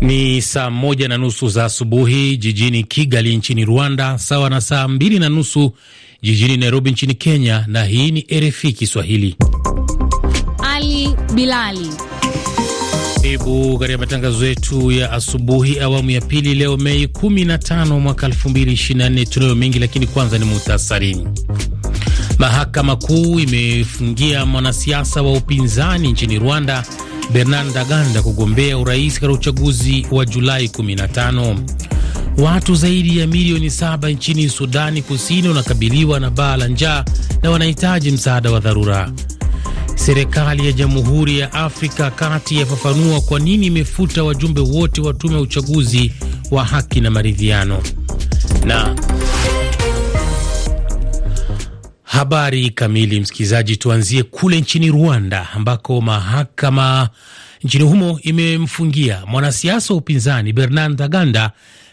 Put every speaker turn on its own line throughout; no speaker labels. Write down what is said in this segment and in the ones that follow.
Ni saa moja na nusu za asubuhi jijini Kigali nchini Rwanda, sawa na saa mbili na nusu jijini Nairobi nchini Kenya. Na hii ni RFI Kiswahili.
Ali Bilali,
karibu katika matangazo yetu ya asubuhi awamu ya pili, leo Mei 15 mwaka 2024. Tunayo mengi, lakini kwanza ni muhtasarini. Mahakama Kuu imefungia mwanasiasa wa upinzani nchini Rwanda Bernard Ntaganda kugombea urais katika uchaguzi wa Julai 15. Watu zaidi ya milioni saba nchini Sudani Kusini wanakabiliwa na baa la njaa na wanahitaji msaada wa dharura. Serikali ya Jamhuri ya Afrika Kati yafafanua kwa nini imefuta wajumbe wote wa tume ya uchaguzi wa haki na maridhiano na Habari kamili, msikilizaji, tuanzie kule nchini Rwanda ambako mahakama nchini humo imemfungia mwanasiasa wa upinzani Bernard Ntaganda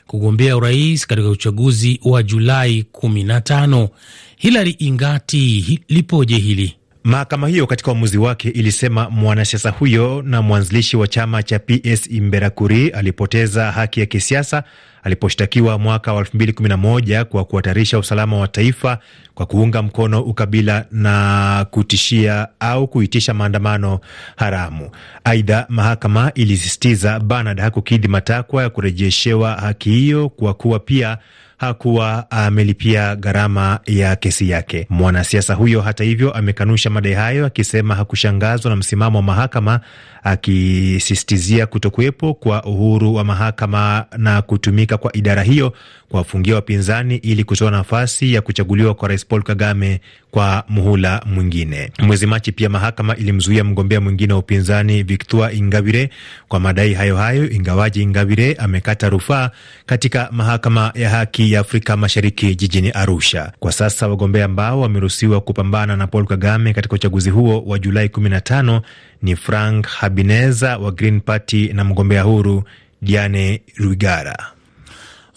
kugombea urais katika uchaguzi wa Julai 15.
Hilary Ingati, lipoje hili? Mahakama hiyo katika uamuzi wake ilisema mwanasiasa huyo na mwanzilishi wa chama cha PS Imberakuri alipoteza haki ya kisiasa aliposhtakiwa mwaka wa 2011 kwa kuhatarisha usalama wa taifa kwa kuunga mkono ukabila na kutishia au kuitisha maandamano haramu. Aidha, mahakama ilisisitiza Bernard hakukidhi matakwa ya kurejeshewa haki hiyo kwa kuwa pia hakuwa amelipia gharama ya kesi yake. Mwanasiasa huyo hata hivyo amekanusha madai hayo, akisema hakushangazwa na msimamo wa mahakama, akisisitizia kutokuwepo kwa uhuru wa mahakama na kutumika kuongezeka kwa idara hiyo kuwafungia wapinzani ili kutoa nafasi ya kuchaguliwa kwa Rais Paul Kagame kwa muhula mwingine. Mwezi Machi pia mahakama ilimzuia mgombea mwingine wa upinzani Victoire Ingabire kwa madai hayo hayo, ingawaji Ingabire amekata rufaa katika mahakama ya haki ya Afrika Mashariki jijini Arusha. Kwa sasa wagombea ambao wameruhusiwa kupambana na Paul Kagame katika uchaguzi huo wa Julai 15 ni Frank Habineza wa Green Party na mgombea huru Diane Rwigara.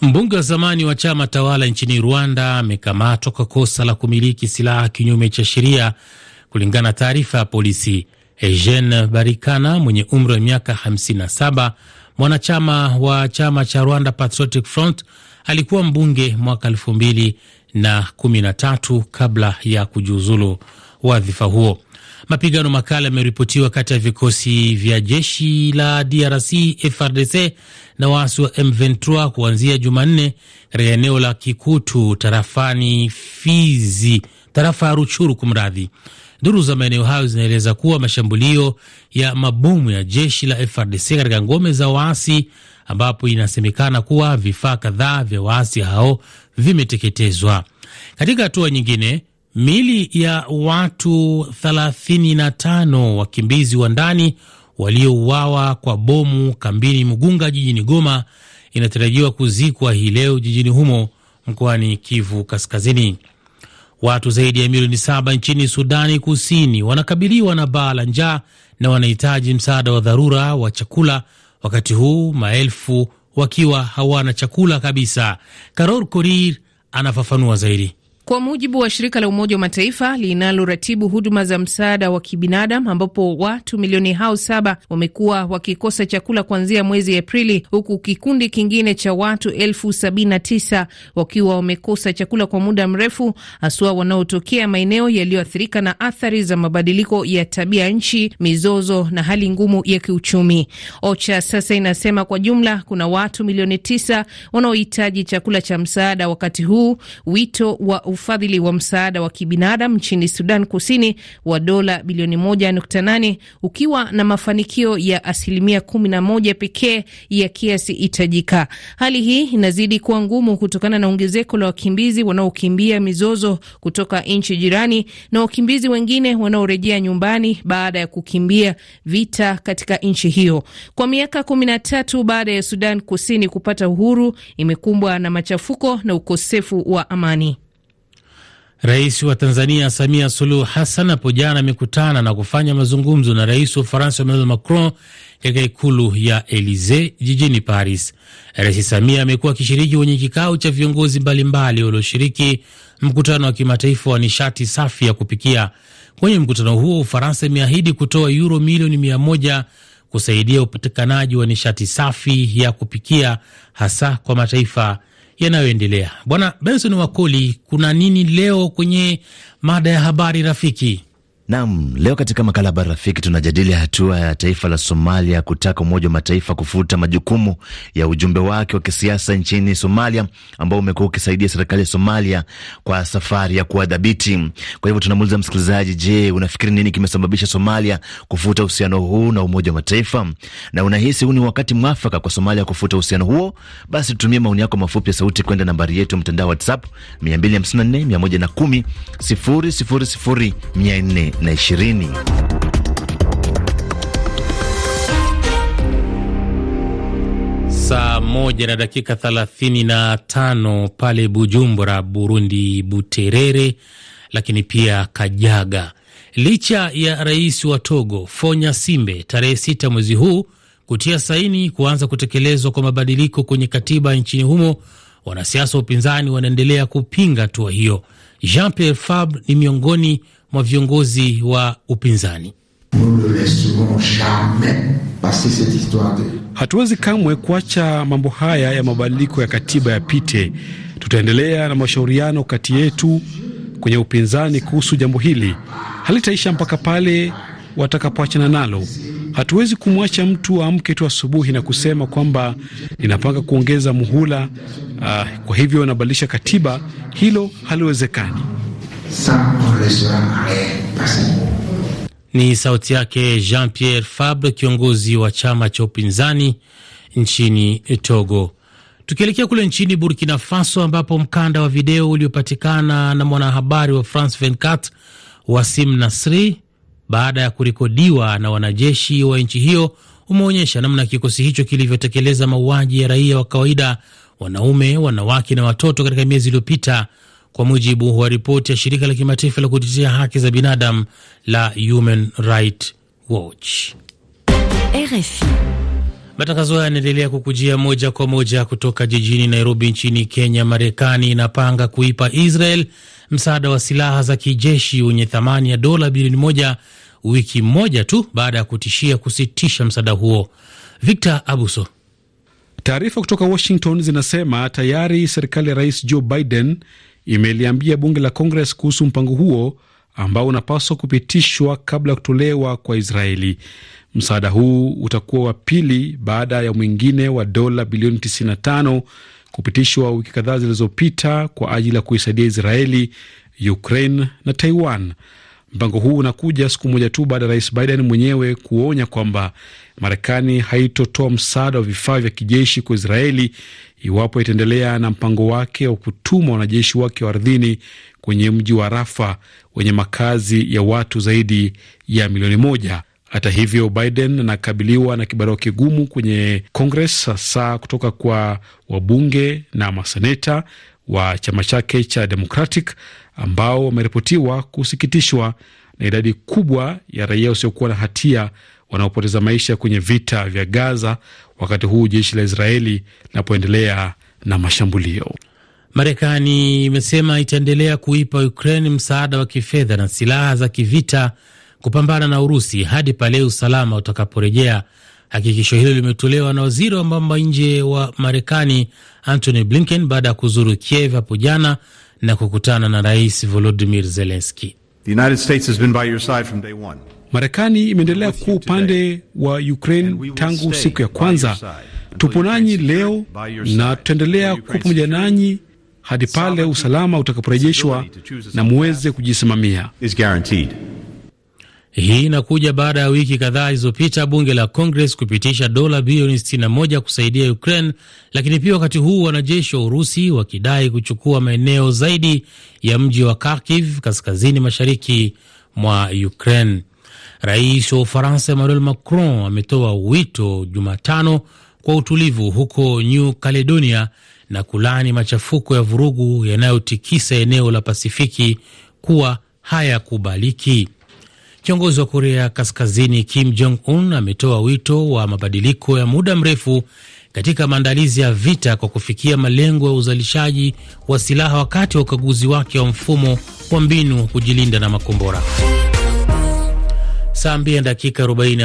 Mbunge wa zamani wa chama tawala nchini Rwanda amekamatwa kwa kosa la kumiliki silaha kinyume cha sheria, kulingana na taarifa ya polisi. Eugene Barikana mwenye umri wa miaka 57, mwanachama wa chama cha Rwanda Patriotic Front, alikuwa mbunge mwaka 2013 kabla ya kujiuzulu wadhifa huo. Mapigano makali yameripotiwa kati ya vikosi vya jeshi la DRC FRDC na waasi wa M23 kuanzia Jumanne katika eneo la Kikutu tarafani Fizi, tarafa ya Ruchuru kumradhi. Duru za maeneo hayo zinaeleza kuwa mashambulio ya mabomu ya jeshi la FRDC katika ngome za waasi, ambapo inasemekana kuwa vifaa kadhaa vya waasi hao vimeteketezwa. Katika hatua nyingine Mili ya watu 35 wakimbizi wa ndani waliouawa kwa bomu kambini Mugunga jijini Goma inatarajiwa kuzikwa hii leo jijini humo mkoani Kivu Kaskazini. Watu zaidi ya milioni saba nchini Sudani Kusini wanakabiliwa na baa la njaa na wanahitaji msaada wa dharura wa chakula, wakati huu maelfu wakiwa hawana chakula kabisa. Karol Korir anafafanua zaidi.
Kwa mujibu wa shirika la Umoja wa Mataifa linaloratibu huduma za msaada wa kibinadamu, ambapo watu milioni hao saba wamekuwa wakikosa chakula kuanzia mwezi Aprili, huku kikundi kingine cha watu elfu sabini na tisa wakiwa wamekosa chakula kwa muda mrefu, haswa wanaotokea maeneo yaliyoathirika na athari za mabadiliko ya tabia nchi, mizozo na hali ngumu ya kiuchumi. OCHA sasa inasema kwa jumla kuna watu milioni tisa wanaohitaji chakula cha msaada wakati huu. Wito wa ufadhili wa msaada wa kibinadamu nchini Sudan Kusini wa dola bilioni 1.8 ukiwa na mafanikio ya asilimia 11 pekee ya kiasi itajika. Hali hii inazidi kuwa ngumu kutokana na ongezeko la wakimbizi wanaokimbia mizozo kutoka nchi jirani na wakimbizi wengine wanaorejea nyumbani baada ya kukimbia vita katika nchi hiyo. Kwa miaka 13 baada ya Sudan Kusini kupata uhuru, imekumbwa na machafuko na ukosefu wa amani.
Rais wa Tanzania Samia Suluhu Hassan hapo jana amekutana na kufanya mazungumzo na rais wa Ufaransa Emmanuel Macron katika ikulu ya Elisee jijini Paris. Rais Samia amekuwa akishiriki kwenye kikao cha viongozi mbalimbali walioshiriki mkutano wa kimataifa wa nishati safi ya kupikia. Kwenye mkutano huo, Ufaransa imeahidi kutoa yuro milioni mia moja kusaidia upatikanaji wa nishati safi ya kupikia hasa kwa mataifa yanayoendelea. Bwana Benson Wakoli, kuna nini leo kwenye mada ya habari rafiki?
Nam, leo katika makala bara Rafiki tunajadili hatua ya taifa la Somalia kutaka Umoja wa Mataifa kufuta majukumu ya ujumbe wake wa kisiasa nchini Somalia ambao umekuwa ukisaidia serikali ya Somalia kwa safari ya kuwa dhabiti. Kwa hivyo tunamuuliza msikilizaji, je, unafikiri nini kimesababisha Somalia kufuta uhusiano huu na Umoja wa Mataifa, na unahisi huu ni wakati mwafaka kwa Somalia kufuta uhusiano huo? Basi tutumie maoni yako mafupi ya sauti kwenda nambari yetu ya mtandao WhatsApp 254 110 000 na ishirini.
Saa moja na dakika thelathini na tano pale Bujumbura, Burundi, Buterere lakini pia Kajaga. Licha ya rais wa Togo Fonya Simbe tarehe sita mwezi huu kutia saini kuanza kutekelezwa kwa mabadiliko kwenye katiba nchini humo, wanasiasa wa upinzani wanaendelea kupinga hatua hiyo. Jean Pierre Fabre ni miongoni mwa viongozi wa upinzani.
Hatuwezi kamwe kuacha mambo haya ya mabadiliko ya katiba yapite. Tutaendelea na mashauriano kati yetu kwenye upinzani kuhusu jambo hili, halitaisha mpaka pale watakapoachana nalo. Hatuwezi kumwacha mtu aamke tu asubuhi na kusema kwamba ninapanga kuongeza muhula, uh, kwa hivyo nabadilisha katiba. Hilo haliwezekani. Ni sauti yake Jean
Pierre Fabre, kiongozi wa chama cha upinzani nchini Togo. Tukielekea kule nchini Burkina Faso, ambapo mkanda wa video uliopatikana na mwanahabari wa France 24 Wasim Nasri baada ya kurekodiwa na wanajeshi wa nchi hiyo umeonyesha namna kikosi hicho kilivyotekeleza mauaji ya raia wa kawaida, wanaume, wanawake na watoto katika miezi iliyopita kwa mujibu wa ripoti ya shirika la kimataifa la kutetea haki za binadamu la Human Rights Watch. RFI. Matangazo haya yanaendelea kukujia moja kwa moja kutoka jijini Nairobi nchini Kenya. Marekani inapanga kuipa Israel msaada wa silaha za kijeshi wenye thamani ya dola bilioni moja wiki moja tu baada ya
kutishia kusitisha msaada huo. Victor Abuso. Taarifa kutoka Washington zinasema tayari serikali ya Rais Joe Biden imeliambia bunge la Congress kuhusu mpango huo ambao unapaswa kupitishwa kabla ya kutolewa kwa Israeli. Msaada huu utakuwa wa pili baada ya mwingine wa dola bilioni 95 kupitishwa wiki kadhaa zilizopita kwa ajili ya kuisaidia Israeli, Ukraine na Taiwan. Mpango huu unakuja siku moja tu baada ya rais Biden mwenyewe kuonya kwamba Marekani haitotoa msaada wa vifaa vya kijeshi kwa Israeli iwapo itaendelea na mpango wake wa kutuma wanajeshi wake wa ardhini kwenye mji wa Rafa wenye makazi ya watu zaidi ya milioni moja. Hata hivyo, Biden anakabiliwa na kibarua kigumu kwenye Kongres, hasa kutoka kwa wabunge na maseneta wa chama chake cha Democratic ambao wameripotiwa kusikitishwa na idadi kubwa ya raia wasiokuwa na hatia wanaopoteza maisha kwenye vita vya Gaza, wakati huu jeshi la Israeli linapoendelea na mashambulio.
Marekani imesema itaendelea kuipa Ukraine msaada wa kifedha na silaha za kivita kupambana na Urusi hadi pale usalama utakaporejea. Hakikisho hilo limetolewa na waziri wa mambo ya nje wa Marekani Antony Blinken baada ya kuzuru Kiev hapo jana na kukutana na Rais Volodimir Zelenski.
Marekani imeendelea kuwa upande wa Ukraine tangu siku ya kwanza. Tupo nanyi leo na tutaendelea kuwa pamoja nanyi hadi pale usalama utakaporejeshwa na muweze kujisimamia. Hii inakuja baada ya wiki kadhaa
ilizopita bunge la Congress kupitisha dola bilioni 61 kusaidia Ukraine, lakini pia wakati huu wanajeshi wa Urusi wakidai kuchukua maeneo zaidi ya mji wa Kharkiv kaskazini mashariki mwa Ukraine. Rais wa Ufaransa Emmanuel Macron ametoa wito Jumatano kwa utulivu huko New Caledonia na kulani machafuko ya vurugu yanayotikisa eneo la Pasifiki kuwa hayakubaliki. Kiongozi wa Korea Kaskazini Kim Jong Un ametoa wito wa mabadiliko ya muda mrefu katika maandalizi ya vita kwa kufikia malengo ya uzalishaji wa silaha wakati wa ukaguzi wake wa mfumo wa mbinu kujilinda na makombora. Saa mbili dakika 40.